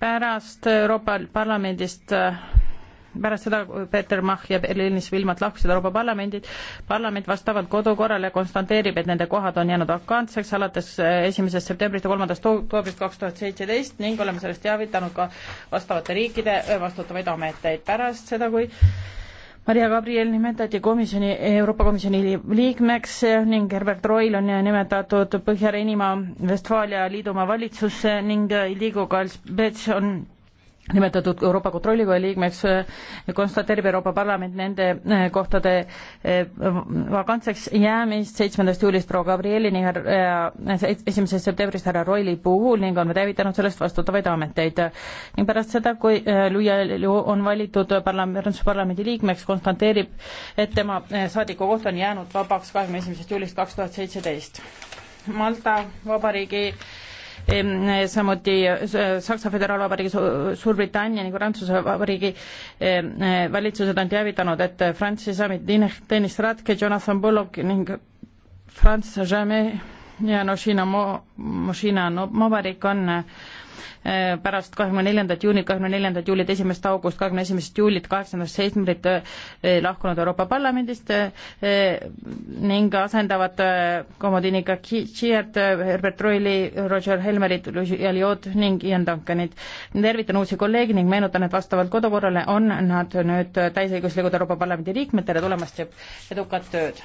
pärast Euroopa Parlamendist pärast seda Peeter Mach ja Berliinis Vilmat lahkusid Euroopa Parlamendid, parlament vastavalt kodukorrale konstanteerib, et nende kohad on jäänud vakantseks alates esimesest septembrist ja kolmandast oktoobrist kaks tuhat seitseteist ning oleme sellest teavitanud ka vastavate riikide vastutavaid ameteid. pärast seda, kui Maria Gabriel nimetati komisjoni, Euroopa Komisjoni liikmeks ning Herbert Roil on nimetatud Põhja-Reinimaa Vestfaalia liidumaa valitsusse ning Iligo Kalspets on nimetatud Euroopa Kontrollikoja liikmeks, äh, konstateerib Euroopa Parlament nende äh, kohtade äh, vakantseks jäämist seitsmendast juulist proua Gabrielini ja esimesest septembrist härra Roili puhul ning on käivitanud sellest vastutavaid ameteid. ning pärast seda, kui Luia on valitud parlamendi, parlamendi liikmeks, konstateerib, et tema saadikukoht on jäänud vabaks kahekümne esimesest juulist kaks tuhat seitseteist. Malta Vabariigi Ehm, samuti Saksa Föderaalvabariigi, Suurbritannia ning Prantsuse Vabariigi ehm, valitsused on teavitanud, et Francis Amit, Denis Ratke, Jonathan Bullock ning Franz Jamais ja Noshina Mo-, Moshina no, Vabariik on äh, pärast kahekümne neljandat juunit, kahekümne neljandat juulit, esimest august, kahekümne esimest juulit, kaheksandast septembrit äh, lahkunud Euroopa Parlamendist äh, ning asendavad Komodinika Kiert, Herbert Roili, Roger Helmerit, Eliot ning Ian Duncanit. tervitan uusi kolleege ning meenutan, et vastavalt kodukorrale on nad nüüd täisõiguslikud Euroopa Parlamendi liikmed, tere tulemast ja edukat tööd!